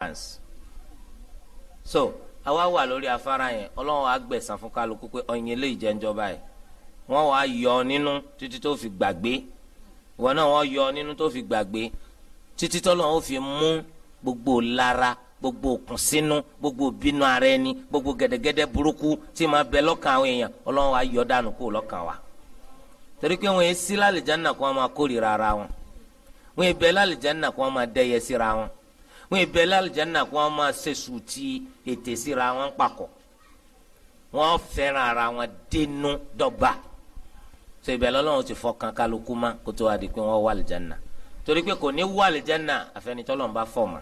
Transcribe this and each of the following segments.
chance so àwa wà lórí afárá yẹn ọlọ́run á gbẹ̀san fún kálukú pé ọ̀yin eléyìí jẹ́ ńjọba yìí wọ́n wàá yọ nínú títí tó fi gbàgbé ìwọ náà wọ́n yọ nínú tó fi gbàgbé títí tọ́lọ́run ó fi mú gbogbo lára gbogbo òkùnsínú gbogbo bínú ara ẹni gbogbo gẹ́dẹ́gẹ́dẹ́ burúkú tí máa bẹ lọ́kàn àwọn èèyàn ọlọ́run á yọ dànù kó lọ́kàn wa torí pé wọn yẹn sí lálẹ́ jẹ́ nà kó wọn máa kórìíra ara wọn wọn yẹn bẹ lálẹ́ jẹ́ nà kó wọn máa dẹ́yẹ síra wọn wọn ìbẹ lálùjáná kí wọn máa ṣe sùtì ètè síra wọn papọ̀ wọn fẹ́ràn ara wọn dénú dọ́gba so ìbẹ lọ́lọ́run ti fọkàn kálukú má kó tó wá di pé wọn wà lùjáná torí pé kò ní wà lùjáná àfẹnitọ́lọ́run bá fọ̀ mà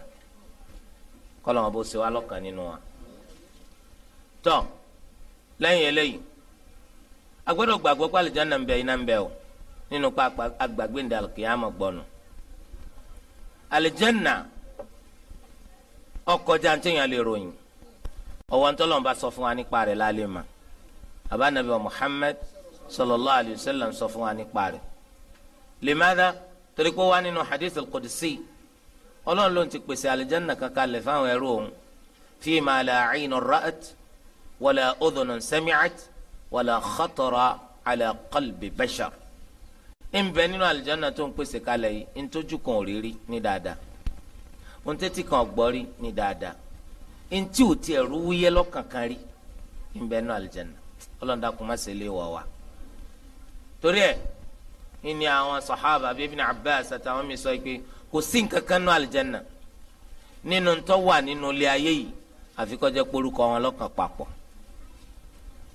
kọ́lọ́run bó ṣe wá lọ́kàn nínú wa tọ́ lẹ́yìn eléyìí agbọ́dọ̀ gbàgbọ́ pé àlùjáná ń bẹ iná ń bẹ o nínú pa àgbàgbé ndàlùkì àmọ̀ gbọ́nu àlùjáná ọkọjá ntẹ̀yàn lè ròyìn ọwọ́ ntọ́lọ́n bá sọ fún wa nípa rẹ̀ lálẹ́ mà àbá nàbí wa Muhammad sallallahu alayhi wa sallam sọ fún wa nípa rẹ̀ lèmádà torí pé wá nínú hadith al-qudsi ọlọ́run ló ń ti pèsè àlìjánnà kankan lè fáwọn ẹrú òun fi ma la ayn ra'at wala udhun sami'at wala khatara ala qalbi bashar ń bẹ nínú àlìjánnà tó ń pèsè kalẹ̀ yìí ń tójú kan òrírí ní dáadáa ohun tẹ́tí kan gbọ́ rí ní dáadáa ntí ò tiẹ̀ rú wúyẹ́ lọ́kàn kan rí nbẹ nù alìjẹnà ọlọ́run dàkú má ṣe lé wọ̀ wá. torí ẹ ní àwọn sàhábà bíi Ibn Abbas àtàwọn mi sọ pé kò sí nǹkan kan nù alìjẹnà nínú ntọ́ wà nínú ilé ayé yìí àfi kó jẹ́ porúkọ wọn lọ́kàn papọ̀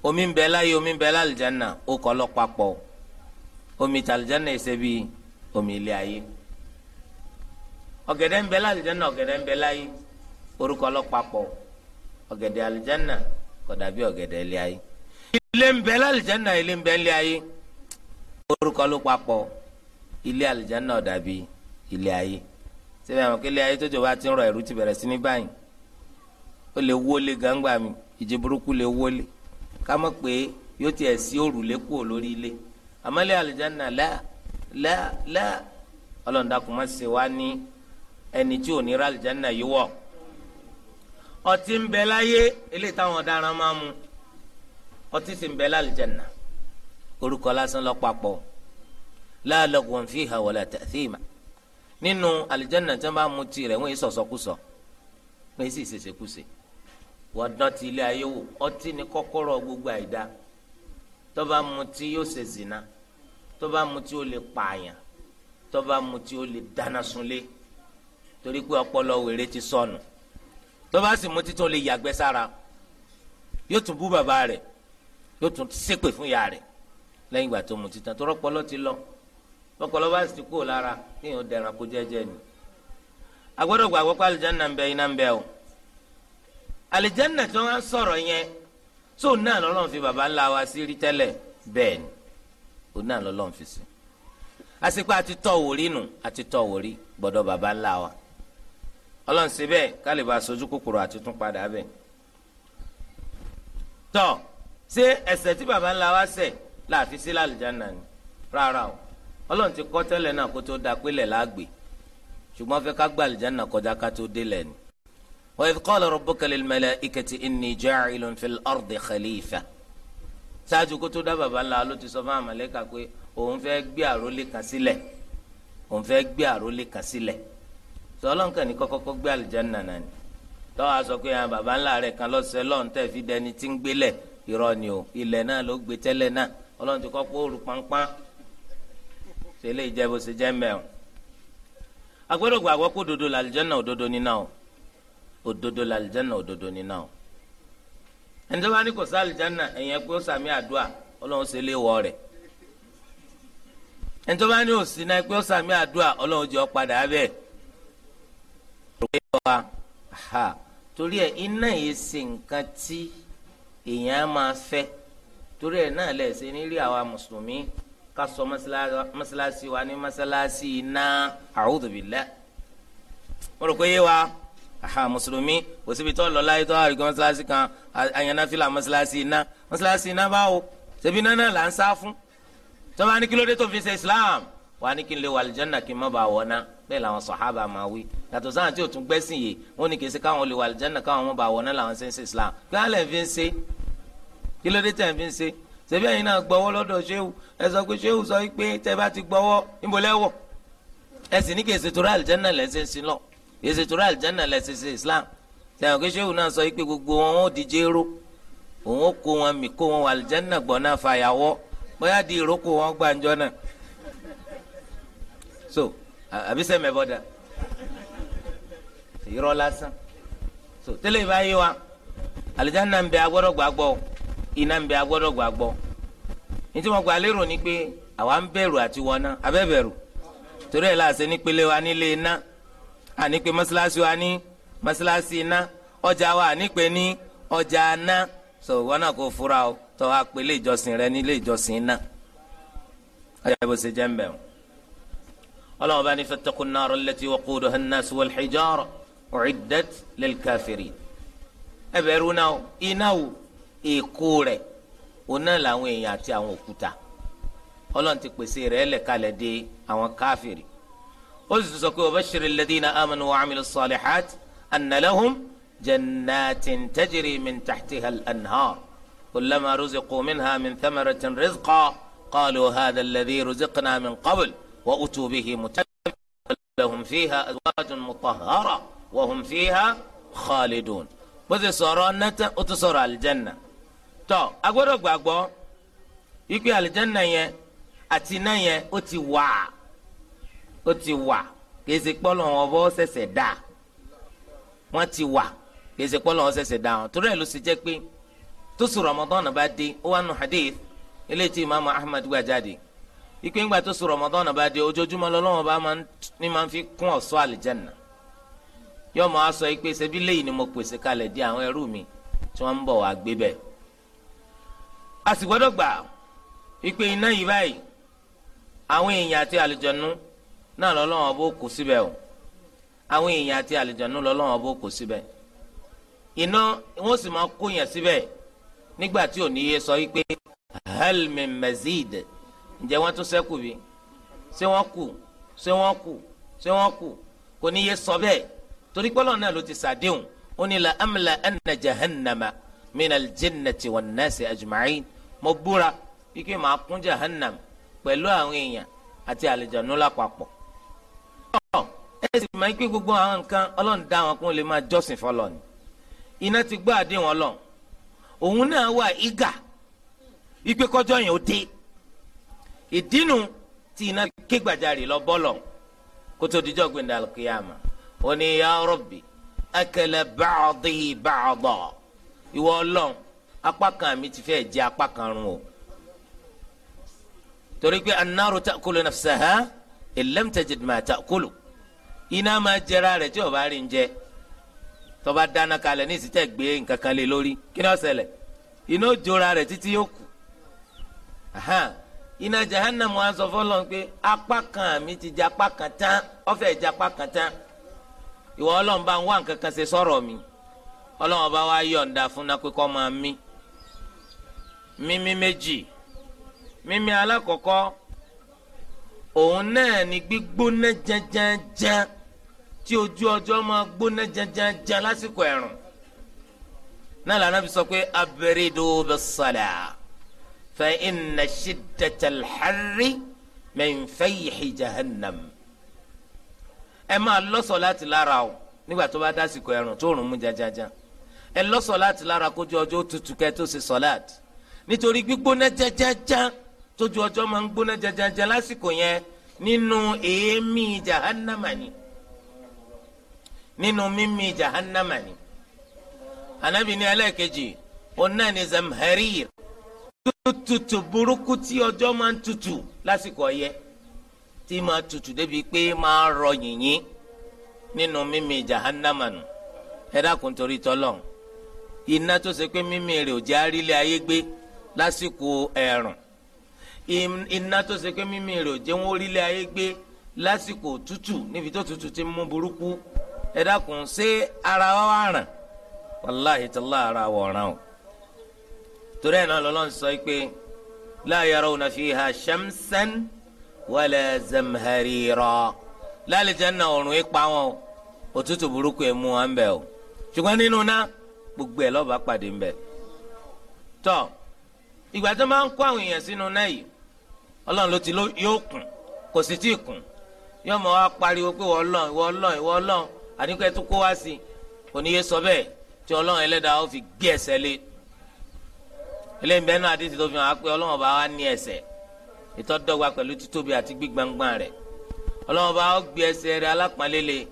omi ń bẹ láyé omi ń bẹ lálìjẹnà ó kọ́ lọ́ papọ̀ omi tàlìjẹnà ẹsẹ̀ bíi omi ilé ayé ọ̀gẹ̀dẹ̀ ń bẹ lálìjánà ọ̀gẹ̀dẹ̀ ń bẹ láyé orúkọ ọlọ́pàpọ̀ ọ̀gẹ̀dẹ̀ àlìjánà kò dàbí ọ̀gẹ̀dẹ̀ ilé ayé. ilé ń bẹ lálìjánà ilé ń bẹ ilé ayé orúkọ ọlọ́pàpọ̀ ilé àlìjánà ò ilé ayé. sẹ́fẹ̀ àwọn kílé ayé tó jọba ti ń rọ ẹ̀rú ti bẹ̀rẹ̀ sí ní báyìí ó lè wọlé gangba mi ìjì burúkú lè wọlé ká mọ̀ pé yóò tiẹ̀ sí òrùlé kúrò lórí ilé àmọ́lé àlìjánà láà láà láà ọlọ́run dákun ní ẹni tí ò ní ra àlìjáná yìí wọ̀ ọtí ń bẹ láyé eléyìí táwọn ọ̀daràn máa mu ọtí sì ń bẹ lálìjáná orúkọ lásán lọ papọ̀ la lagwan fiha wala ta'thima nínú àlìjáná tí wọ́n bá mu tí rẹ̀ wọ́n yìí sọ̀sọ́kùsọ̀ wọ́n yìí sì ṣèṣekúṣe wọ́n dán ti ilé ayé wò ọtí ni kọ́kọ́rọ́ gbogbo àìda tó bá yóò ṣe zina tó bá mu lè pààyàn tó bá mu lè dáná sunlé torí pé ọpọlọ wèrè ti sọnù tó bá sì mú títún lè yàgbẹ́ sára yóò tún bú bàbá rẹ̀ yóò tún ṣépè fún ìyá rẹ̀ lẹ́yìn ìgbà tó mu títàn tó rọpọlọ ti lọ rọpọlọ bá sì ti kúrò lára kéèyàn dẹran kó jẹ́jẹ́ ni agbọ́dọ̀ gbàgbọ́ pé alìjánná ń bẹ iná ń bẹ o alìjánná tí wọ́n sọ̀rọ̀ yẹn tó náà lọ́lọ́run fi bàbá ńlá wa sí rí tẹ́lẹ̀ bẹ́ẹ̀ ni ó náà lọ́lọ́run fi sí àsìkò àti tọ́ wòrí nù àti tọ́ wòrí gbọ́dọ̀ bàbá ńlá wa ọlọ́run ṣe bẹ́ẹ̀ ká lè bá sojú kòkòrò àti tún padà bẹ̀. tọ́ ṣé ẹ̀ṣẹ̀ tí baba ńlá wa ṣẹ̀ láàfin sí lálùjáná ni rárá o ọlọ́run ti kọ́ tẹ́lẹ̀ náà kó tó da pélé láàgbé ṣùgbọ́n fẹ́ ká gba àlùjáná kọjá ká tó délẹ̀ ni. wa idh qala rabbuka lil malaikati inni ja'ilun fil ardi khalifa ṣáájú kó tó dá baba ńlá ló ti sọ fún àmàlẹ́kà pé òun fẹ́ gbé àrólé kan sílẹ̀ òun fẹ́ gbé àrólé kan sílẹ̀ sọlọ́nkàn ní kọ́kọ́kọ́ gbé àlìjáná náà ni tọ́wọ́ aṣọ pé àwọn baba ńlá rẹ̀ kan lọ́sẹ̀ lọ́n tẹ̀ fi dẹni tí ń gbélẹ̀ irọ́ ni o ilẹ̀ náà ló gbé tẹ́lẹ̀ náà ọlọ́run ti kọ́kọ́ òru pánpán ṣe lè jẹ́ bó ṣe jẹ́ mẹ́ọ̀. agbẹ́rò gbàgbọ́ pé dodo làlìjáná òdodo níná o òdodo làlìjáná òdodo níná o. ẹni tó bá ní kò sí àlìjáná ẹ̀yẹn pé ó sàmì àdúrà ọlọ́run ṣe lè wọ rẹ̀ ẹni tó bá ní òsínà pé ó sàmì àdúrà ọlọ́run jẹ́ ọ padà bẹ́ẹ̀ wa ha torí ẹ iná yìí ṣe nǹkan tí èèyàn máa fẹ́ torí ẹ náà lè ṣe nílé àwa mùsùlùmí ká sọ mọ́sálásí wa ní mọ́sálásí iná a'udhu billah mo rò pé yé wa aha mùsùlùmí kò síbi tó lọ láyé tó àrígbọ́n mọ́sálásí kan àyànnáfílà mọ́sálásí iná mọ́sálásí iná báwo ṣebí iná náà là ń sá fún tọ́ba ní kí ló dé tó fi ṣe Islam wà á ní kí n lè wà àlùjánnà kí n má bàa wọ̀ náà bẹ́ẹ̀ làwọn sọ̀hábà máa wí yàtọ̀ sáà tí o tún gbẹ́sìn yìí wọ́n ní kì í ṣe káwọn olè wà àlìjáná káwọn ọmọ bá wọná làwọn ṣe ń ṣe islam kí wọ́n lè fi ń ṣe kí ló dé tẹ̀ ń fi ń ṣe ṣebí ẹ̀yin náà gbọ́wọ́ lọ́dọ̀ ṣéwù ẹ sọ pé ṣéwù sọ pé tẹ́ bá ti gbọ́wọ́ níbo lẹ́wọ̀ ẹ sì ní kì í ṣe torí àlìjáná lẹ́ ń sin lọ kì í ṣe torí àlìjáná lẹ́ ṣe ṣe islam sẹ́wọ̀n kí ṣéwù náà sọ pé gbogbo wọn ó di jéró òun ó kó wọn mì kó wọn so mɛ bɔ ẹ̀bọ Yɔrɔ la lásán so tẹ́lẹ̀ ìbá yé wa àlùjáná ń bẹ agbọ́dọ̀ gbɔ, iná ń bẹ agbọ́dọ̀ gbɔ. tí lérò ni pé àwa ń bẹ̀rù àti wọná abẹ́bẹ̀rù torí ẹ̀ láàṣẹ nípele wa nílé iná ànípe wa ní iná ọjà wa ní ọjà iná so wọn náà kò fura o rẹ ní ilé ìjọsìn الا بني فاتقوا النار التي وقودها الناس والحجاره اعدت للكافرين ابرونا اينو ايكوره ونا لاون ايا تي اون اوكوتا اولون تي بيسي ريله كاله دي اون كافر وبشر الذين امنوا وعملوا الصالحات ان لهم جنات تجري من تحتها الانهار كلما رزقوا منها من ثمره رزقا قالوا هذا الذي رزقنا من قبل وأتوا به متبعا لهم فيها أزواج مطهرة وهم فيها خالدون bóse sọ̀rọ̀ nẹ́tẹ́ ó tún sọ̀rọ̀ àlìjẹ́nà tó a gbọ́dọ̀ gbàgbọ́ wípé àlìjẹ́nà yẹn àti iná yẹn ó ti wà ó ti wà kìí ṣe pọ́lọ̀ wọn bọ́ ṣẹ̀ṣẹ̀ dà wọ́n ti wà kìí ṣe pọ́lọ̀ wọn ṣẹ̀ṣẹ̀ dà wọn torí ẹ̀ ló ṣe jẹ́ pé tó sùn Ramadan bá dé ó wà nù hadith ilé tí imaamu Ahmad gbà jáde ikú ńgbà tó sùn Ramadan bá dé ojoojúmọ́ lọ́lọ́wọ́ bá ma máa fi kún ọ̀ṣọ́ àlìjẹ́nà yóò máa sọ pé ṣebí ni mo pèsè kalẹ̀ di àwọn ẹrú mi tí wọ́n ń bọ̀ wá gbé a gbà ìpè iná yìí báyìí àwọn èèyàn àti àlìjọ̀nú náà lọ́lọ́wọ́ bó kù síbẹ̀ o àwọn èèyàn àti àlìjọ̀nú lọ́lọ́wọ́ bó kù síbẹ̀ iná wọ́n sì máa kó yẹn nígbà tí sọ ǹjẹ́ wọ́n tún sẹ́kù bí ṣé wọ́n kù ṣé wọ́n kù ṣé wọ́n kù kò ní yé sọ bẹ́ẹ̀ torí pé Ọlọ́run náà ló ti ṣàdéhùn ó ní la amla anna jahannama minal jinnati wan nasi ajma'in mo búra kíkẹ́ máa kún jahannam pẹ̀lú àwọn èèyàn àti àlejànú lápapọ̀. ẹ máa ń pín gbogbo àwọn nǹkan Ọlọ́run dá wọn kún lè máa jọ́sìn fọlọ́ ni iná ti gbọ́ àdéhùn Ọlọ́run òun náà wà ígà ìgbékọ́jọ́ yẹn ó dé. ìdínú tí iná ké lọ bọ́lọ̀ kótó dijọ́ gbẹ̀ndà kìyàmà ó ní ya Rabbi akala ba'di ba'da ìwọ ọlọ́run apá kan mi ti fẹ́ jẹ apá kan run o torí pé annaru ta'kulu nafsaha illam ma ta'kulu iná máa jẹra rẹ̀ tí o bá rí ń jẹ tó dáná kalẹ̀ ní ìsìtẹ́ gbé nǹkan kan lé lórí kí ni iná jora rẹ̀ títí yóò kù iná jahannamu azọ pé akpa kan mi ti jẹ apá kan tán ọfẹ jẹ apá kan tán ìwọ Ọlọ́run mi Ọlọ́run bá wá yọ̀ǹda fún náà pé kó mímí méjì mímí alákọ̀ọ́kọ́ òun náà ni gbígbóná janjanjan tí ojú ọjọ́ máa gbóná janjanjan lásìkò ẹ̀rùn náà lànà fi sọ pé فإن شدة الحر من فيح جهنم. أما ẹ máa lọ́sọ̀ láti lára o nígbà tó bá dásìkò ẹ̀rùn tó rùn mú jajaja ẹ lọ́sọ̀ láti lára kójú ọjọ́ tutù kẹ́ tó ṣe sọ́láàtì nítorí gbígbóná jajaja tójú ọjọ́ máa ń gbóná jajaja lásìkò yẹn nínú èémí jahannama ni nínú mímí jahannama ni anabi ní ẹlẹ́ẹ̀kejì ọ̀nà ni tutù burúkú tí ọjọ́ máa ń tutù lásìkò ọyẹ tí máa tutù débi pé máa rọ yìnyín nínú mímì jahannamanu ẹ dákun torí tọlọ́run iná tó ṣe pé mímì rẹ̀ ò jẹ́ àrílẹ̀ ayé gbé lásìkò ẹ̀rùn iná tó ṣe pé mímì rẹ̀ ò jẹ́ wọn orílẹ̀ ayé gbé lásìkò níbi tó tutù ti mú burúkú ẹ dákun ṣé ara wa wà ràn wàláhìí tó lára o. torí ẹ̀ náà lọ́lọ́run sọ pé la yarawna fiha shamsan wala zamharira lálejò náà ọ̀run ipa wọn òtútù burúkú ẹ̀ mú wọn bẹ̀ o ṣùgbọ́n nínú náà gbogbo ẹ̀ lọ́ba pàdé ń bẹ̀ tọ́ ìgbà tó máa ń kó àwọn èèyàn sínú náà yìí ọlọ́run ló ti yóò kùn kò sì tí ì kùn yóò mọ̀ wá pariwo pé wọ́n lọ́n wọ́n lọ́n wọ́n lọ́n àníkẹ́ eléyìí bẹ́ẹ̀ náà àdìsí tó fi hàn á pé ọlọ́wọ́n bá wá ní ẹsẹ̀ ìtọ́dọ́gba pẹ̀lú títóbi àti gbígbangba rẹ̀ ọlọ́wọ́n bá ó gbé ẹsẹ̀ rẹ̀ alápọ̀nlélẹ̀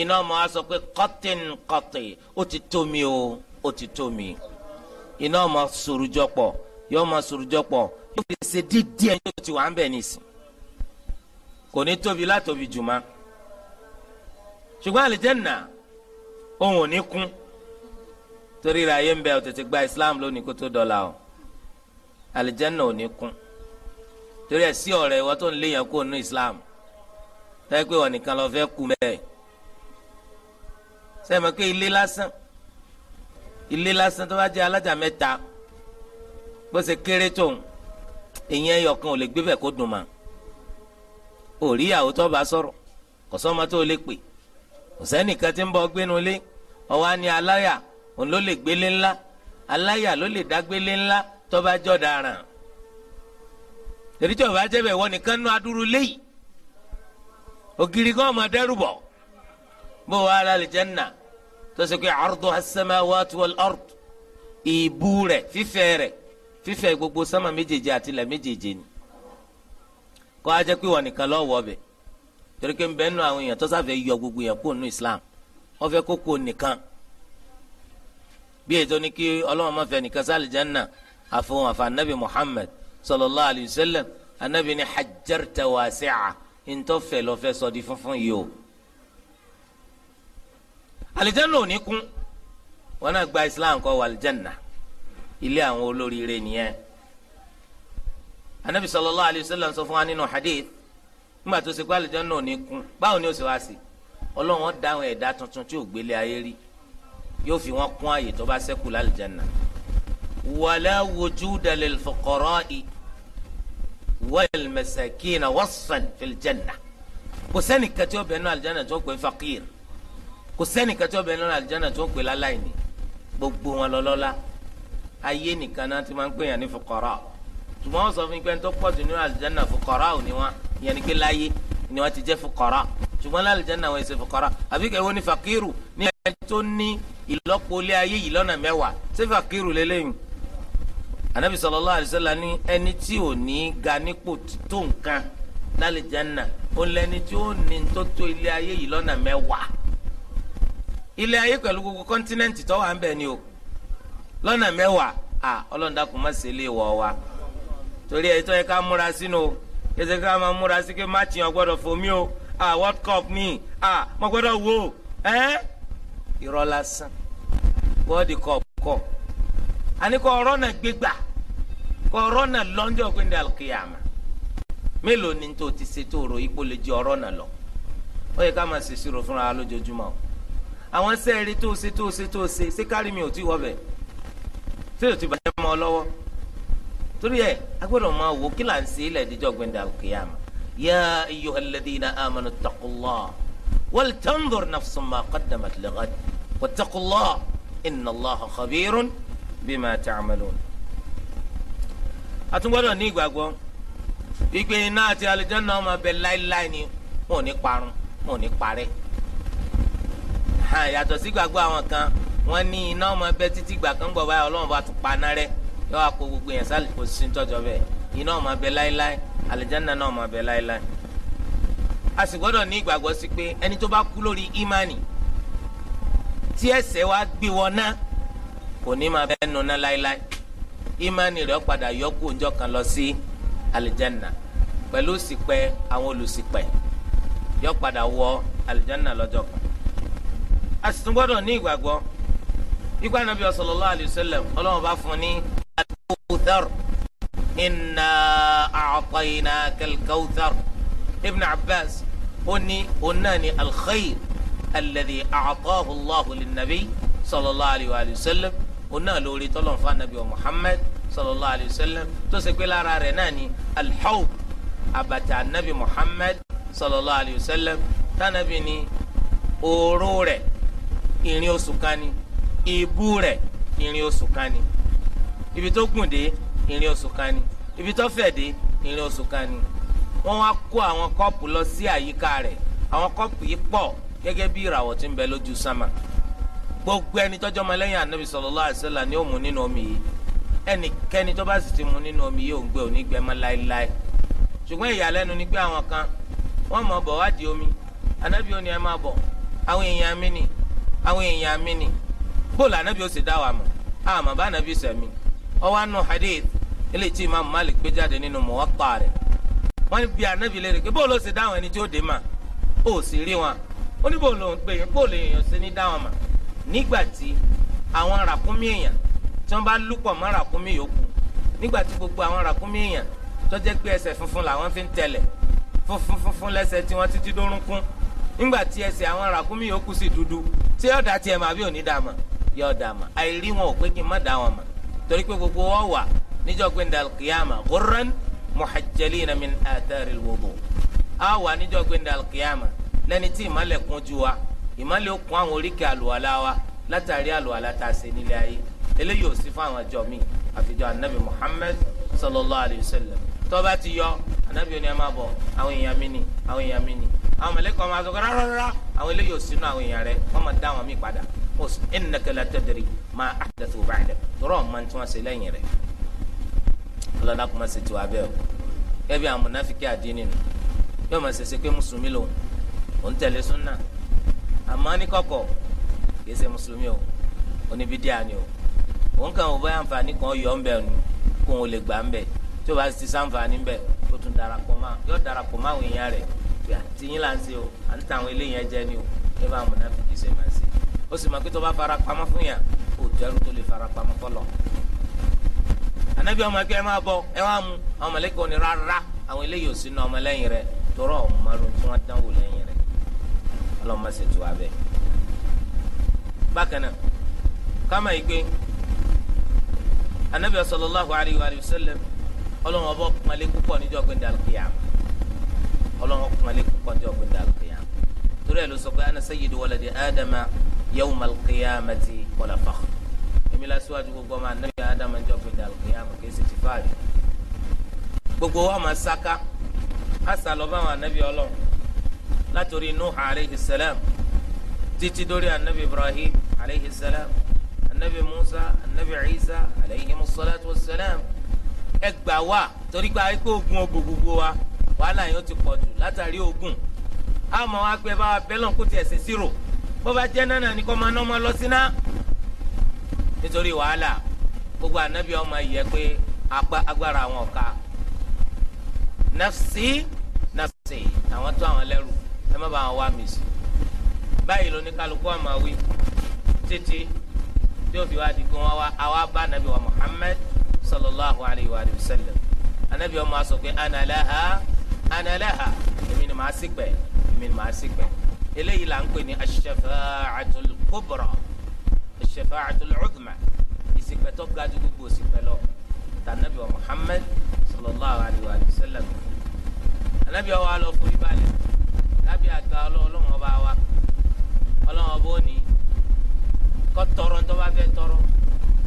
iná ọmọ wa sọ pé kọ́tìn kọ́tìn ó ti tó mi o ó ti tó mi iná ọmọ sòrùjọpọ̀ yóò mọ sòrùjọpọ̀ yóò fi ṣe dídí ẹni ti wà ń bẹ̀ nìsín kò ní tóbi látòbi jùmọ́ ṣùgbọ́n àlìjẹ́nà òun ò ní kún torí ra ayé ń bẹ òtètè gba Islam lónìí kó tó dọ́là o. alijanna ò ní kún torí ẹ sí ọ̀rẹ́ ìwọ tó ń léyàn kó islam táyé pé wọn nìkan lọ fẹ́ kú bẹ́ẹ̀ sẹ́mi pé ilé lásán ilé lásán tó bá jẹ́ alájà mẹ́ta bó ṣe kéré tó ń ìyẹn ẹyọkan ò lè gbé kó dùn mà ò rí ìyàwó tó bá tó lè pè ń gbénu lé ọwọ́ tọ́ba jọ dáràn torí tí ọba jẹ́bẹ̀ wọ́n nìkan nú adúrú léyìí ògiri kan máa dẹ́rù bọ̀ bó wàá lálẹ́ jẹ́nà tó ṣe pé àrùdó as-samawati wal-ard ìbú rẹ̀ fífẹ̀ rẹ̀ fífẹ̀ gbogbo sámà méjèèjì àti ilẹ̀ méjèèjì ni kọ́ ajẹ́ pé wọ́n nìkan lọ́wọ́ bẹ̀ torí pé nbẹ́ nù àwọn èèyàn tó sáfẹ́ yọ gbogbo èèyàn kúrò nù Islam wọ́n kó kó nìkan bí ètò ní kí Ọlọ́run má fẹ́ nìkan sálẹ̀ jẹ́nà àfihàn àfa anabi muhammed sallallahu alayhi wa sallam anabi ni hajjarta wasi'a ntọ́fẹ̀ lọ́fẹ́ sọ di funfun yìí o. alijanna ò ní kún wọn náà gba islam kọ wà alijanna ilé àwọn olóríire nìyẹn anabi sallallahu alayhi wa sallam sọ fún wa nínú hadith nígbà tó ṣe pé alijanna ò ní kún báwo ni ó ṣe wá sí ọlọ́run dá ẹ̀dá tuntun tí ò gbélé ayé rí yóò fi wọn kún ààyè tó bá ṣẹ́kù lálìjanna wala wujuda lil fuqara'i wal masakina wasfan fil janna kò sẹ́ni kẹtí ọbẹ̀ náà aljanna tó ń pè fakir kò sẹ́ni kẹtí ọbẹ̀ náà aljanna tó ń pè láláìní gbogbo wọn lọ́lọ́lá ayé nìkan náà ti máa ń pè yàn ní fuqara tùmọ̀ wọn sọ fún mi pé ń tó pọ̀ jù nínú aljanna fuqara ò ní wọn ìyẹn ni pé láyé ni wọn ti jẹ́ fuqara ṣùgbọ́n lálùjáná wọn ṣe fuqara àbí kẹ́wọ́ ní fakiru ní ẹni tó ní ìlọ́po ayé yìí lọ́nà mẹ́wàá ṣé fakiru lélẹ́yìn anabi sallallahu alayhi wa ẹni tí ò ní ga nípò tó nǹkan lálẹ́ jẹ́nà ó lẹ́ni tí ó ní tó ilé ayé yìí lọ́nà mẹ́wàá ilé ayé pẹ̀lú gbogbo kọ́ńtínẹ́ǹtì tó wà ń ni o lọ́nà mẹ́wàá à ọlọ́run dákun má ṣe lè wọ̀ wa torí ẹ̀ tó yẹ ká múra sínú o kẹsẹ̀ ká máa múra sí pé máàtì yẹn gbọ́dọ̀ fomi o à world cup mi à mo gbọ́dọ̀ wo ẹ́ irọ́ world cup kọ̀ àní kò ọ̀rọ̀ náà gbégbà kò ọ̀rọ̀ náà lọ́njọ́ gbẹ̀ndẹ̀ alkiyama mélòó ni tó ti ṣe tó ro ipò lè jẹ ọ̀rọ̀ náà lọ ó yẹ ká máa ṣèṣirò fúnra wa lójoojúmọ́ o àwọn sẹ́ẹ̀rí tó ṣe tó ṣe tó ṣe ṣé kárí mi ò tí wọ́ bẹ̀ ṣé ò ti bàjẹ́ mọ́ ọ lọ́wọ́ torí ẹ agbọ́dọ̀ máa wò kí là ń ṣe ilẹ̀ ìdíjọ́ gbẹ̀ndẹ̀ alkiyama yá ayyuhalladhina amanu taqullah wal tanzur nafsun ma qaddamat lighad wattaqullah inna allaha khabirun bima ta'malun. a tún gbọ́dọ̀ ní ìgbàgbọ́ ìgbé iná àti aljanna máa bẹ láéláé ni wọn ò ní parun wọn ò ní parẹ́. yàtọ̀ sí gbàgbọ́ àwọn kan wọ́n ní iná máa bẹ títí gbà kan gbọ̀ báyọ̀ ọlọ́run bá tún paná rẹ̀ yọ àpò gbogbo yẹn sálì kò sí tọ́jọ́ bẹ́ẹ̀ iná máa bẹ láéláé aljanna náà máa bẹ láéláé. a sì gbọ́dọ̀ ní ìgbàgbọ́ sí pé ẹni tó bá kú lórí ìmánì tí ẹ̀ṣẹ̀ wa gbé wọn náà kò ní máa bẹ́ẹ̀ nuná láéláé ìmánì rẹ̀ padà yọkù ọjọ́ kan lọ sí alìjánà pẹ̀lú ṣìpẹ̀ àwọn olùṣìpẹ̀ yọ padà wọ alìjánà lọ́jọ́ kan. a sì tún gbọ́dọ̀ ní ìgbàgbọ́ ikú anabi sallallahu alayhi wa sallam ọlọ́run bá fún ní al-Kawthar inna a'tainaka al-Kawthar ibn abbas ó ní òun náà ní al-khayr alladhi a'tahu allahu lin-nabi sallallahu alayhi wa òun náà lórí tọ́lọ̀ fún anabi wa muhammed sallallahu alayhi wa sallam tó ṣe pé lára rẹ̀ náà ni alḥawb abata anabi muhammed sallallahu alayhi wa sallam tànàbí ni òóró rẹ̀ ìrìn oṣù kan ni ìbú rẹ̀ ìrìn oṣù kan ni ibi tó gùn dé ìrìn oṣù kan ni ibi tó fẹ̀ dé ìrìn oṣù kan ni wọ́n wá kó àwọn kọ́ọ̀pù lọ sí àyíká rẹ̀ àwọn kọ́ọ̀pù yìí pọ̀ gẹ́gẹ́ bí ìràwọ̀ tí ń bẹ lójú sánmà. gbogbo ẹni tọ́jọ́ ọmọ anabi sallallahu ni ó mu nínú omi yìí ẹnikẹ́ni tó sì ti mu nínú omi yìí òun gbé òní gbẹ láéláé ṣùgbọ́n ìyàlẹ́nu ni pé àwọn kan omi anabi ó ní ẹ máa àwọn èèyàn mi ni àwọn èèyàn mi ni bóòlù anabi ó sì anabi anú hadith ilé tí malik gbé jáde nínú anabi pé bóòlù ó sì dá àwọn ẹni tí ó dé mà ó sì rí wọn ó ní bóòlù òun gbé bóòlù èèyàn ní dá wọn mà nígbà tí àwọn ràkúnmí èèyàn tí wọ́n bá lúpọ̀ mọ́ ràkúnmí yòókù nígbà tí gbogbo àwọn ràkúnmí èèyàn tó jẹ́ pé ẹsẹ̀ funfun làwọn fi ń tẹ̀lẹ̀ funfun funfun lẹ́sẹ̀ tí wọ́n títí dórúnkún nígbà tí ẹsẹ̀ àwọn ràkúnmí yòókù sì dúdú tí yóò dá tiẹ̀ mà bí òní dá mà yóò dá mà àìrí wọn ò pé kí n má dá wọn mà torí pé gbogbo wọn wà níjọ́ gbẹ̀ndàl kìyàmà ghurran ìmọ́lẹ̀ okùn àwọn oríkèé àlùwàlá wa látàrí àlùwàlá tá a ṣe nílé ayé eléyìí ò sí fún àwọn àjọ mi àfijọ́ anabi muhammed sallallahu alayhi wa sallam tó bá ti yọ anabi oní ẹ máa bọ̀ àwọn èèyàn mi ni àwọn èèyàn mi ni àwọn mẹlẹ́kọ̀ọ́ máa sọ rárá àwọn eléyìí ò sínú àwọn èèyàn rẹ wọ́n máa dá àwọn míì padà innaka la tadri ma ahdathu ba'dak tọrọ ọ̀ máa tí wọ́n ṣe lẹ́yìn rẹ̀ ọlọ́dà kò máa ṣe tiwa bẹ́ẹ̀ o ẹbí àwọn mùnáfíkì àdínì yóò máa ṣe ṣe pé mùsùlùmí lòun òun tẹ̀lé súnà àmọ́ ní kọ̀kọ̀ kìí ṣe mùsùlùmí o oníbídíà ni o òun kàn ó bá àǹfààní kan yọ ọ́nbẹ̀ nu kó òun lè gbà ńbẹ̀ tí o bá ti sáǹfààní ńbẹ̀ ó tún darapọ̀ máa yọ darapọ̀ máa àwọn èèyàn rẹ̀ gbà tìyín là ń ṣe o à ń ta àwọn eléyìí ẹjẹ ni o ẹ bá àmúná fi kìí ṣe máa ṣe ó sì mọ̀ pé tó bá fara pamọ́ fún yà ó dẹrù tó lè fara pamọ́ fọlọ́ anabi ọmọ ẹgbẹ́ ẹ máa bọ ẹ ọlọ́mọ ṣètò abẹ. bákan náà kámá yìí pé anabi sallallahu alayhi wa sallam ọlọ́run ọba kumalé púpọ̀ níjọ́ gbẹ̀ndà al-qiyam ọlọ́run kumalé púpọ̀ níjọ́ gbẹ̀ndà al-qiyam torí ẹ̀ ló sọ pé ana sayyidu waladi adama yawma al-qiyamati wala fakhr èmi la síwájú gbogbo ọmọ anabi adama níjọ́ gbẹ̀ndà al-qiyam kì í sì ti fáàlì gbogbo wa máa sáká á sàlọ́ báwọn anabi ọlọ́run látòrí nuhu alayhi salam títí dórí anabi ibrahim alayhi salam anabi musa anabi isa alayhi musalatu wa salam ẹ gbà wá torí pé ayé pé ogun ogun gbogbo wa wàhálà yẹn ó ti pọ̀ jù látàrí ogun àmọ́ wa pé bá wa bẹ́lọ̀n kó tiẹ̀ ṣe sírò bó bá jẹ́ nánà ni kò máa ná ọmọ lọ sí náà nítorí wàhálà gbogbo anabi ọmọ yẹ pé agbára àwọn ọ̀ka nafsi nafsi àwọn tó àwọn lẹ́yìn bá wa mì sí báyìí ló ní kálukú àmà wí títí tí ó fi wá di gan wa àwa bá anabi wa Muhammad sallallahu alayhi wa sallam anabi wa máa sọ pé analaha analaha èmi ni màá sì pẹ́ èmi ni màá sì pẹ́ eléyìí là ń pè ní ash kubra ash-shafa'atul uzma ga ju gbogbo ìṣìpẹ̀ lọ tànàbí wa sallallahu alayhi wa sallam anabi wa lọ forí balẹ̀ lábẹ́ àga ọlọ́run ọba wa ọlọ́run ọba òní kó tọrọ ń tọ́ba fẹ́ tọrọ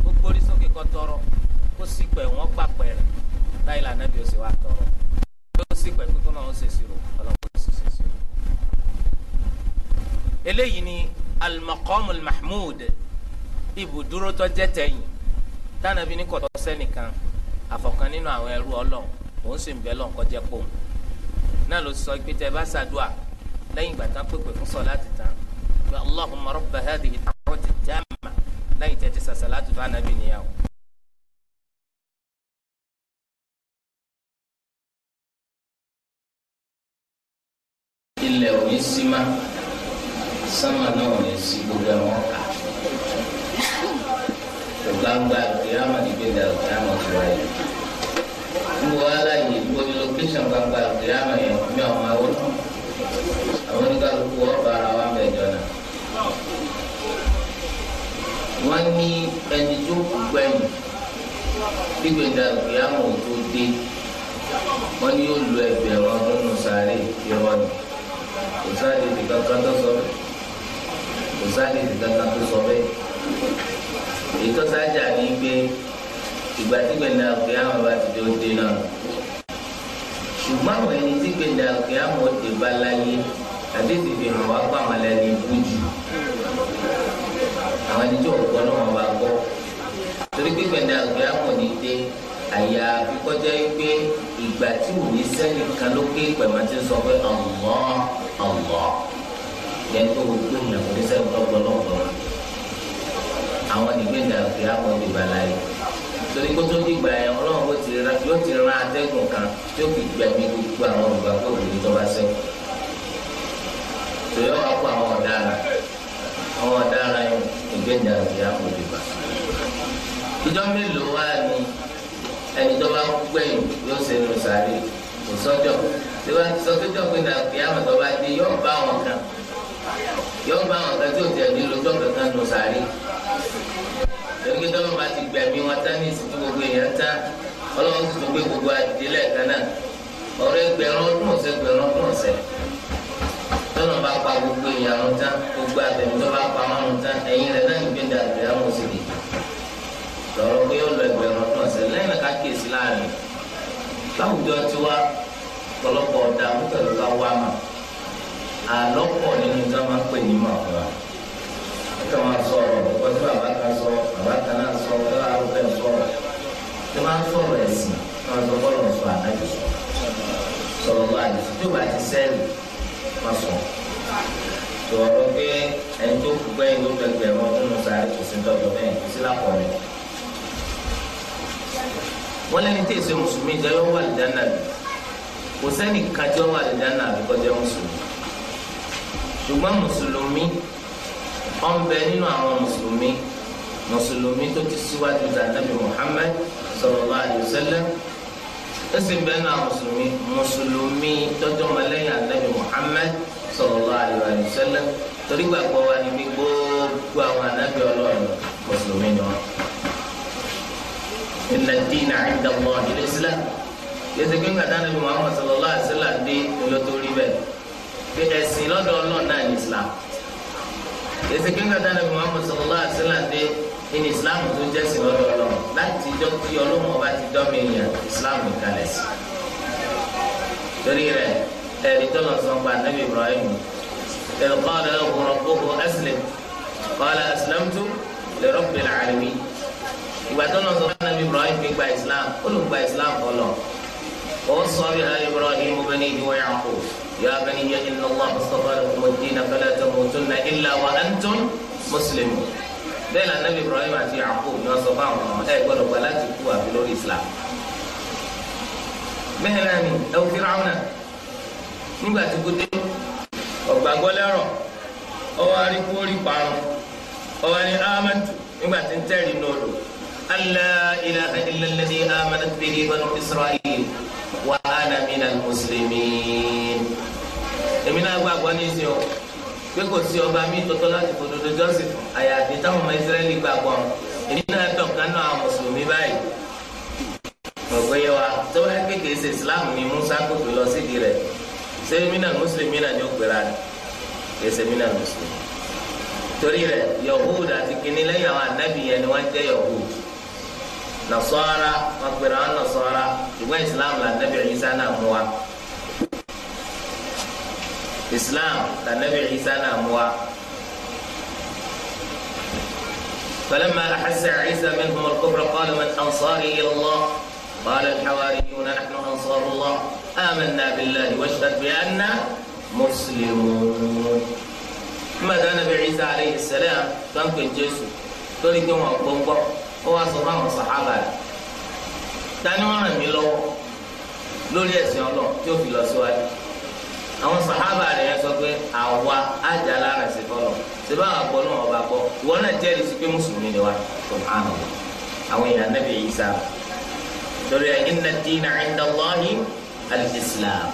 kó gbórí sókè kó tọrọ kó sì pẹ̀ wọ́n gbà pẹ̀ rẹ̀ báyìí lànà bí o sì wá tọrọ kó sì pẹ̀ kókó náà ó ṣe sírò ọlọ́run ó sì ṣe sírò. eléyìí ni al mahmud ibùdúró tó jẹ́ tẹ̀yìn tánàbí ní kò sẹ́nìkan àfọ̀kan nínú àwọn ẹrú ọlọ́run òun sì ń bẹ́ lọ́nkọ́jẹ́ pòun náà ló sọ pé bá ṣàdúà lẹ́yìn ìgbà tán pèpè fún sọláàtì tán pé allahumma rabba hadhihi da'wati tamma lẹ́yìn tẹ́tí sàṣàlátì fún anabi nìyàwó. ilẹ̀ ò ní sí ma sánmà náà ò ní sí gbogbo ẹ̀wọ̀n kà kò gbangba ìgbéyàwó ìgbéyàwó ìgbéyàwó ti wáyé. ń bọ̀ wá láyé ìgbóni lókèsàn gbangba ìgbéyàwó gbọ́ bara wa bẹ̀ jọ̀nà. wọ́n ní ẹni tó kú gbẹ̀yìn bí gbẹ̀dà ìyáwó tó dé wọ́n ní yóò lu ẹgbẹ̀rún ọdún nù sáré ìrọ̀ ni kò sáré ti kankan tó sọ bẹ́ẹ̀ kò sáré ti kankan tó sọ bẹ́ẹ̀ èyí sájà ní gbé ìgbà tí gbẹ̀dà ìyáwó bá ti dé dé náà ṣùgbọ́n àwọn ẹni tí gbẹ̀dà ìyáwó dé bá láyé àdéhùn fi hàn wá pa àmàlà ní ìbújù àwọn ẹni tí òkú náà wọn bá gbọ́ torí pípẹ́ ní àgbẹ̀ àpò ní dé àyà àfikọ́jọ́ yìí pé ìgbà tí ò ní sẹ́ni kan ló ké pẹ̀mọ́ ti sọ pé ọ̀mọ́ ọ̀mọ́ yẹn tó o gbé ìyàwó ní sẹ́ni tó gbọ́ náà gbọ́ àwọn ìgbẹ́ ní àgbẹ̀ àpò ní ìbàláyé torí kó tó dìgbà yẹn ọlọ́run yóò ti rán atẹ́gùn kan tí ó fi gbẹ̀mí gbogbo àwọn olùgbàgbọ́ òbí tó bá sẹ́kù sọ̀yọ́ wà kó modal, ọ̀daràn àwọn ọ̀daràn yìí ìgbẹ́jà ìyá òdìbà. ìjọ mélòó wá ní ẹni tó bá gbẹ̀yìn yóò ṣe lọ sáré kò sọ́jọ́ tí wọ́n ti sọ pé jọ́pẹ́ náà kí àwọn tó bá dé yóò bá wọn kan yóò bá wọn kan tí ò tẹ̀ ní lójọ́ kankan lọ sáré. èmi tó bá ti gbẹ̀mí wọn tán ní ìsìnkú gbogbo èèyàn tán ọlọ́run tọ́lọ̀ bá pa gbogbo ìyàrá tán gbogbo àtẹ̀mí tó bá pa márùn tán ẹ̀yin rẹ̀ náà ń gbé dàgbé àwọn òsèlè lọ́rọ̀ pé ó lọ ẹgbẹ̀rún ọdún ọ̀sẹ̀ lẹ́yìn náà ká kíyèsí láàrin láwùjọ tiwa ọ̀pọ̀lọpọ̀ ọ̀dà púpẹ̀lú ká wá mà àlọ́ pọ̀ nínú tí wọ́n máa ń pè ní mọ̀ ọ̀gá ẹ̀ka máa sọ ọ̀rọ̀ ọ̀pọ̀ tí bàbá kan sọ bàbá kan náà sọ ọ̀gá arúgbó ẹ̀ sọ̀rọ̀ tí wọ́n máa ń sọ̀rọ̀ ẹ̀sìn tí wọ́n sọ bọ́ọ̀lù sọ àdájọ́ sọ̀rọ̀ bá àdìsí tí ó bá ti sẹ́ẹ̀lì má sùn tó ọ̀rọ̀ pé ẹni tó kú gbẹ́yìn ló gbẹgbẹ̀rún ọdún nù sáré kò sí dọ́jọ́ bẹ́ẹ̀ kò sí lápọ̀ rẹ̀ wọ́n lẹ́ni tí èsè mùsùlùmí jẹ́ yọ wà lìdáná bi kò sẹ́ni kájọ́ wà lìdáná bi kọjá mùsùlùmí ṣùgbọ́n mùsùlùmí ọ̀n bẹ nínú àwọn mùsùlùmí mùsùlùmí tó ti síwájú dàdàbí Muhammad sallallahu alaihi wasallam ẹsìn bẹ́ẹ̀ náà mùsùlùmí mùsùlùmí tọ́jọ́ mọ́lẹ́yìn ànábì Muhammad sallallahu alaihi wa sallam torí gbàgbọ́ wa ni bí gbogbo àwọn ànábì ọlọ́run mùsùlùmí ni wọn. inna ad-dina 'inda Allahi al-Islam yẹtẹ pé ńgbà dáná bí Muhammad sallallahu alaihi wa sallam dé olótórí bẹ́ẹ̀ pé ẹ̀sìn lọ́dọ̀ ọlọ́run náà ní Islam yẹtẹ pé ńgbà dáná bí Muhammad sallallahu alaihi wa ìní islam tó ń jẹ́sìn lọ́dọ̀ ọlọ́run láti jọ tí ọlọ́run ọba ti dọ́mi èèyàn islam kalẹ̀ sí. torí rẹ̀ ẹ̀rí tó lọ́sọ̀ ń gba nabi ibrahim ẹ̀rọ qala lahu rabbuhu aslim qala aslamtu li rabbil alamin. ìgbà tó lọ́sọ̀ bá nabi ibrahim fi gba islam ó ló gba islam kọlọ̀ ó sọ bí ali ibrahim banihi wa ya'qub ya baniya inna allaha astafa lakum ad-dina fala tamutunna illa wa antum muslimun bẹ́ẹ̀ náà nàbí Ibrahim àti Yakub ni wọ́n sọ fún àwọn ọmọ ẹ gbọ́dọ̀ gba láti kú àbí lórí Islam bẹ́ẹ̀ náà ni ẹ̀wù Fíráúnà nígbà tí kò dé ọ̀gbàgbọ́ lẹ́rọ̀ ọwọ́ aríkórí parun ọwọ́ ni amantu nígbà tí ń tẹ̀rí lọ́dọ̀ alla ilaha illa alladhi amanat banu Isra'il wa ana minal muslimin èmi náà gbàgbọ́ ní ìsìn o pé kò sí ọba mi tọ́tọ́ láti fòdodo jọ́sìn fún àyàfi táwọn ọmọ ìsírẹ́lì gbàgbọ́ èmi náà tàn kánú àwọn mùsùlùmí báyìí ọ̀gbẹ́ yẹ wa tó bá kékeré ṣe islam ni musa kò fi lọ sídìí rẹ̀ ṣé mina mùsùlùmí náà ni ó pera rẹ̀ kì mina mùsùlùmí torí rẹ̀ yahood àti kìnní lẹ́yìn àwọn anábì yẹn ni wọ́n jẹ́ yahood nasara wọ́n pera wọn nasara ṣùgbọ́n islam la اسلام النبي عيسى náà فلما أحس عيسى منهم الكفر قال من أنصاري إلى الله قال الحواريون نحن أنصار الله آمنا بالله واشهد بأننا مسلمون ماذا النبي عيسى عليه السلام كان في جيسو تولي كما قنقر هو سبحان الصحابة تاني وانا ملو لولي أسيان الله تيوفي الله سؤالي àwọn sàhábà rẹ̀ yẹn sọ pé àwa àjà alára sí fọlọ síbá àgbọ̀ náà ọba gbọ́ ìwọ náà jẹ́rìí sí pé mùsùlùmí ni wa subhanahu wa àwọn èèyàn Ànábì Ìsá torí ẹ̀ inna ad-dīna 'inda Allāhi al-islām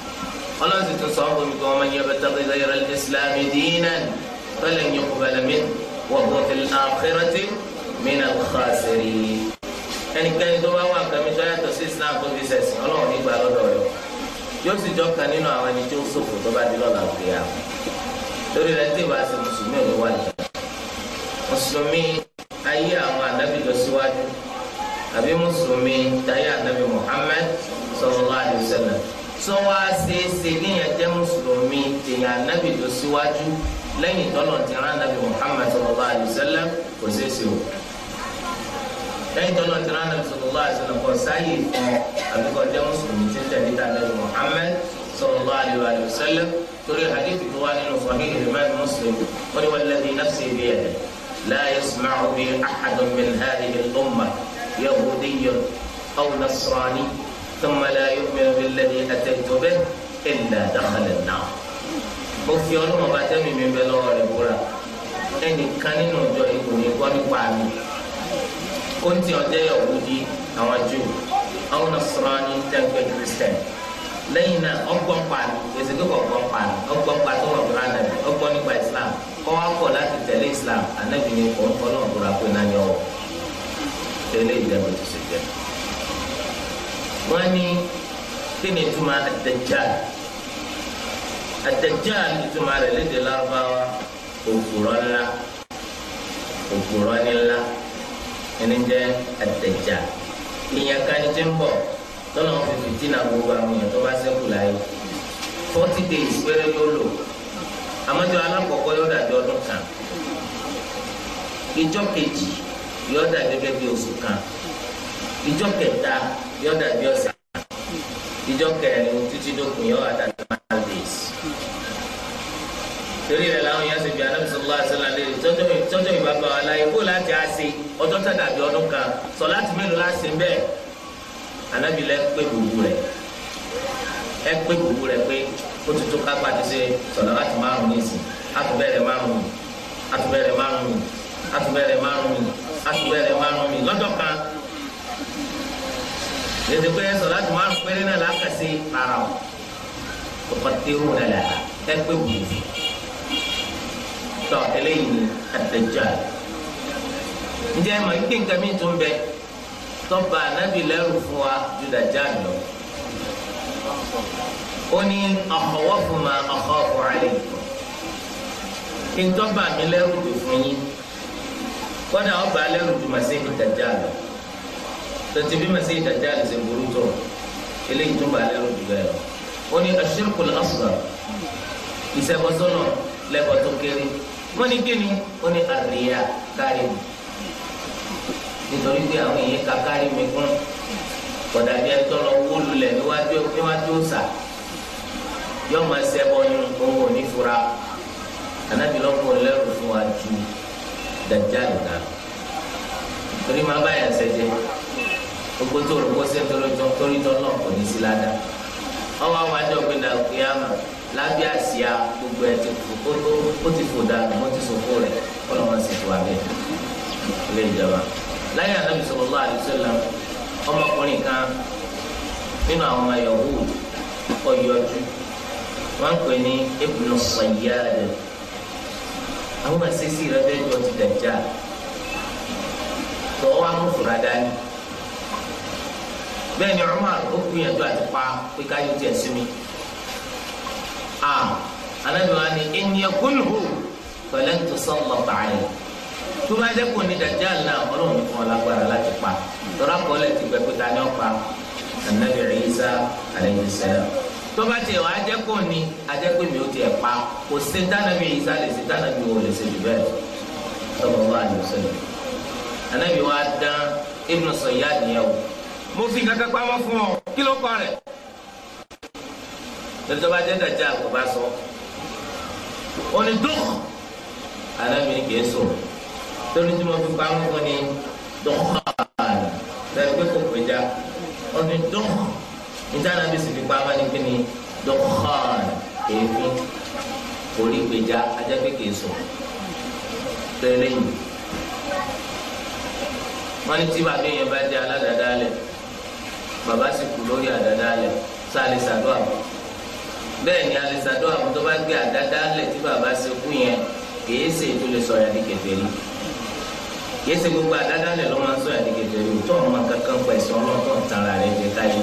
ọlọ́run ti tún sọ ọ́ fún mi kí wọ́n máa yẹ bẹ́tẹ́ kí ghayra al-islām dīnan falan yuqbala minhu wa huwa fil-ākhirati mina al-khāsirīn ẹnikẹ́ni tó bá wà kàmí tó yàtọ̀ sí islam tó fi sẹ̀sìn ọlọ́run nígbà lọ́dọ̀ rẹ̀ yóò sì jọ kan nínú àwọn ẹni tó ń sòfò tó bá di lọ́la òkè yà lórí rẹ̀ tí ìbáṣe mùsùlùmí ò ní wà nìkan mùsùlùmí ayé àwọn ànábì lọ síwájú àbí mùsùlùmí táyé ànábì Muhammad sallallahu alaihi wasallam sọ wá ṣeéṣe níyẹn jẹ́ mùsùlùmí tèèyàn ànábì lọ síwájú lẹ́yìn tọ́lọ̀ ti rán ànábì Muhammad sallallahu alaihi wasallam kò ṣeéṣe o lẹ́yìn tọ́lọ̀ ti rán ànábì صلى الله عليه وآله وسلم تري الحديث بطوانين وصحيح رمان مسلم ولو الذي نفسي بيده لا يسمع بي أحد من هذه الأمة يهودي أو نصراني ثم لا يؤمن بالذي أتيت به إلا دخل النار وفيرو ما باتم من بلور بورا أني كانين وجوه يكوني قواني قواني كنت يهودي أو نصراني تنكي كريستاني lẹ́yìn náà ọgbọ́n pàdé èsì kíkọ̀ ọgbọ́n pàdé ọgbọ́n pàdé wà fún anabi ọgbọ́n nípa islam kọ́ wa kọ̀ láti tẹ̀lé islam anabi ni kò ń kọ́ náà kóra pé náà yọ wọ̀ tẹ́lẹ̀ ìdẹ́gbẹ́ tó ṣe jẹ́. wọ́n ní kí ni ìtumọ̀ ad-dajjal ad-dajjal ìtumọ̀ rẹ̀ lédè lárúbáwá òpùrọ̀ ńlá òpùrọ̀ ńlá ẹni jẹ́ ad ìyẹn kan ti ń bọ̀ tọ́lọ́ fi fìtínà gbogbo àwọn èèyàn tó bá sẹ́kù láyé forty days péré ló lò àmọ́jọ alákọ̀ọ́kọ́ yóò dàbí ọdún kan ìjọ kejì yóò dà gẹ́gẹ́ bí oṣù kan ìjọ kẹta yóò dà bí ọ̀sẹ̀ ìjọ kẹrin títí dókun yóò wà dàbí five days torí rẹ̀ làwọn yẹn ṣe bí anamisọlá ṣẹlẹ̀ léèrè tọjọ ìbámu aláyé kó láti á ṣe ọjọ́ tẹ dàbí ọdún kan sọ láti mélòó láti ń bẹ́ẹ̀ anabi lẹ pé gbogbo rẹ ẹ pé gbogbo rẹ pé ó ti tó kápá ti ṣe sọ̀rọ̀ láti márùn ní ìsìn àtúbẹ̀rẹ̀ márùn mi àtúbẹ̀rẹ̀ márùn mi àtúbẹ̀rẹ̀ márùn mi àtúbẹ̀rẹ̀ márùn mi lọ́jọ́ kan yẹtẹ pé ẹ sọ̀rọ̀ láti márùn péré náà lákàtí ara o ọ̀pọ̀tẹ́wò rẹ̀ la ẹ pé gbogbo tọ́ eléyìí ni àtẹ̀jà ǹjẹ́ mọ̀ ní kí nǹkan mi tún bẹ́ẹ̀ tọ́ba anábì lẹ́rù fún wa ju dàjáàlì lọ. ó ní ọ̀họ̀wọ́ fún ma ọ̀họ́ fún àlẹ́ ìkọ́. kí n tọ́ba mi lẹ́rù jù fún yín kọ́dà ọba lẹ́rù jù màsíhì dàjáàlì lọ. tètè bí màsíhì dàjáàlì ṣe burú tó eléyìí tó ba lẹ́rù jù bẹ́ẹ̀ lọ. ó ní aṣírkùl asghar ìṣẹ́kọ̀sọ́nà lẹ́kọ̀ọ́ tó kéré. wọ́n ní kíni ó ní àríyá kárí mi nítorí pé àwọn èèyàn kakárí mi kún kọ̀dàbí ẹtọ́ lọ wó lulẹ̀ níwájú níwájú ọ̀sà yóò máa sẹ́bọ̀yún owó onífura anábì lọ́kùn lẹ́rù fún wa ju dàjálù náà torí máa bá yàn sẹ́jẹ́ gbogbo tó rò kó sẹ́ńtọ́rọ́ tó torí tó náà kò ní sí ládà ọwọ́ àwọn àjọ pé dàgbéyàmà lábẹ́ àsíá gbogbo ẹ̀ ó ti fò dànù ó ti sòfò rẹ̀ kọ́ sì tó abẹ́ ilé ìjọba láyé anabi sallallahu alaihi wasallam ọmọkùnrin kan nínú àwọn ọmọ Yahud ọyọjú wọn pè ní Ibn Sayyad àwọn àṣẹṣe rẹ fẹẹ jọ ti dàjà tọwọ amúfura dání bẹ́ẹ̀ ni Umar ó gbìyànjú àti pa pé ká yóò tiẹ̀ sí mi a ah, anabi wa ni ẹnìyẹ fẹlẹ ń tó sọ lọ bàálẹ tó bá dẹ́ kò ní dajjal náà ọlọ́run ní fún ọ lágbára láti pa tọ́lá kọ́lẹ̀ ti gbẹ pé ta ni ó pa anabi Isa alayhi salam tó bá tiẹ̀ wá jẹ́ kò ní ajẹ́ pé mi ò tiẹ̀ pa kò sí dánàbí Isa lè sí dánàbí wo lè ṣe jù bẹ́ẹ̀ sallallahu alayhi wa sallam anabi wa dán Ibn Sayyad nìyẹn o mo fi kankan pamọ́ fún ọ kí ló kọ rẹ̀ tẹ̀lé tó bá jẹ́ dajjal kò bá sọ onídùn anabi kì í sọ̀rọ̀ torí tí mo fi pa ń fún ni dọ́kàn lẹ́yìn pé kò péjá ọdún dọ́kàn ìdáná bí sì fi pa máa ní pé ni dọ́kàn èéfín orí péjá ajá pé kìí sùn tẹ́lẹ̀ yìí wọ́n ní tí bàbá yẹn bá jẹ́ aládàáda lẹ̀ bàbá sì kú lórí àdàáda lẹ̀ sáà lè ṣàdúrà bẹ́ẹ̀ ni alẹ́ ṣàdúrà tó bá gbé àdàáda lẹ̀ tí bàbá ṣe kú yẹn kìí ṣe ètò lè sọ̀rọ̀ àdìkẹ̀fẹ̀ yìí kìí ṣe gbogbo àdádálẹ̀ ló máa ń sọ àdìgẹ̀dẹ̀ rẹ̀ tó ọmọ kankan pa ẹ̀sìn ọlọ́tọ̀ tara rẹ̀ jẹ táyé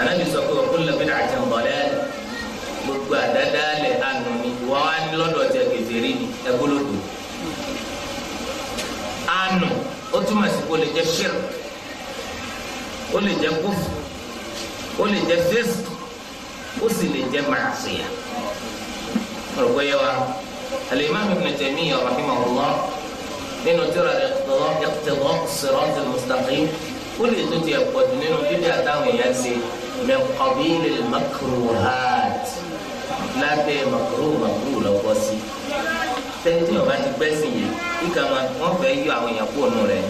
anabi sọ pé ọkùnrin lẹbi náà àti ọ̀bọ̀lẹ́ gbogbo àdádálẹ̀ àná ni wọ́n á ní lọ́dọ̀ tẹ kẹfẹ́rì ni ẹgbólódò àná ó túmọ̀ sí kó lè jẹ ṣír ó lè jẹ kúf ó lè jẹ fés ó sì lè jẹ màásìyà. ọ̀rọ̀ gbẹ́yẹ wa Al-Imam Ibn Taymiyyah rahimahullah nínú tíra ẹ̀kútẹ̀wọ́ sirata al-mustaqim ó lè tó tiẹ̀ pọ̀jù nínú bíbí àtàwọn èèyàn ṣe min qabil al-makruhat lábẹ́ makruh makruh lọ́kọ́ sí tẹ́tí ọba ti gbẹ́sìn yìí kíkà wọn fẹ́ yọ àwọn èèyàn kúrò nù rẹ̀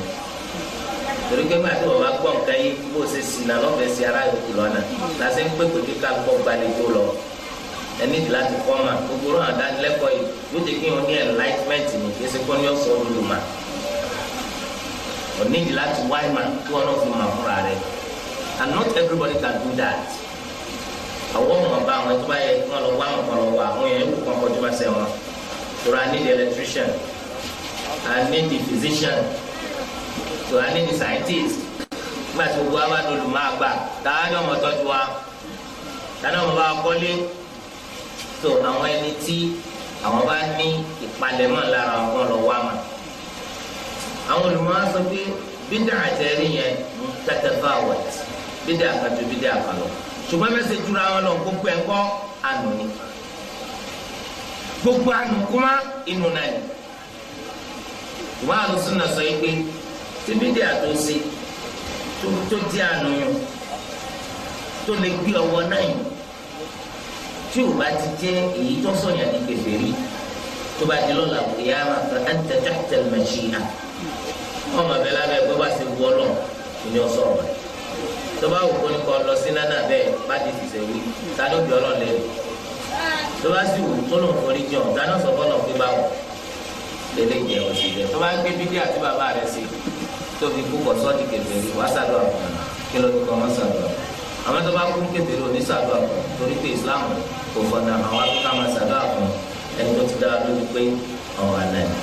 torí pé bá a ti wọ̀ wá gbọ́ nǹkan yìí bó ṣe sì náà lọ́fẹ̀ẹ́ sí ara yòókù lọ́nà ẹni ìdí láti kọ́ mà gbogbo rán àdánilẹ́kọ̀ọ́ yìí yóò jẹ́ kí wọ́n ní enlightenment ní kí ẹsẹ̀ kọ́ ní ọ̀sán olùmọ̀ òní ìdí láti wá ìmọ̀ kí wọ́n náà fi mọ̀ fúnra rẹ̀ and not everybody can do that àwọn ọmọ bá àwọn ẹtọ́ báyẹ kí wọ́n lọ wá àwọn kan lọ wá àwọn yẹn kó kàn kọjú bá sẹ́ wọn so I need electrician I need physician so I need scientist nígbà tí gbogbo wa bá dolùmọ́ àgbà tá a ní ọmọ tọ́jú wa tá a ní ọmọ bá wa kọ́lé so àwọn ẹni tí àwọn bá ní ìpalẹ̀mọ́ lára wọn lọ wá mà àwọn olùmọ̀ á sọ pé bídà àtẹ̀rí yẹn ń tẹ́tẹ́ fáwọ̀t bídà àkàtú bídà àkàlọ́ ṣùgbọ́n mẹ́sẹ̀ jura wọn lọ gbogbo ẹ̀ ń kọ́ àná ni gbogbo àná kúmá inú náà ni ìwà àlùsùn náà sọ yìí pé tí bídà àtó ṣe tó tó di àná yẹn tó lè gbé ọwọ́ náà yẹn tí o bá ti jẹ́ èyí tó sọ̀yà ní kèfèrí tó bá di lọ́la kìyàmà anta tahta al-mashi'a ọmọ bẹ́ẹ̀ lábẹ́ gbọ́ bá ti wú ọ lọ ìní ọ̀sọ̀ ọ̀bà tó bá wù kó ní kọ́ lọ sí nánà bẹ́ẹ̀ bá ti ti sẹ́wí tani ó bí ọ lọ́lẹ̀ tó bá sì wù tó lòun forí jọ tani sọ fọ́ lọ́n pé bá wù lélẹ́ ìjẹ́ òsì jẹ́ tó bá gbé bídí àti bàbá rẹ̀ sí tó fi kú kọ́ sọ́ọ̀dì kèfèrí wàásù àdúrà kí ló ní kọ́ wọ́n sàdúrà àwọn tó bá kú ní kébèrè oníṣàdúrà kan torí pé islam kò fọdà àwọn akíkà máa ṣàdúrà kan ẹni tó ti dára lójú pé ọ̀rọ̀ àná ni.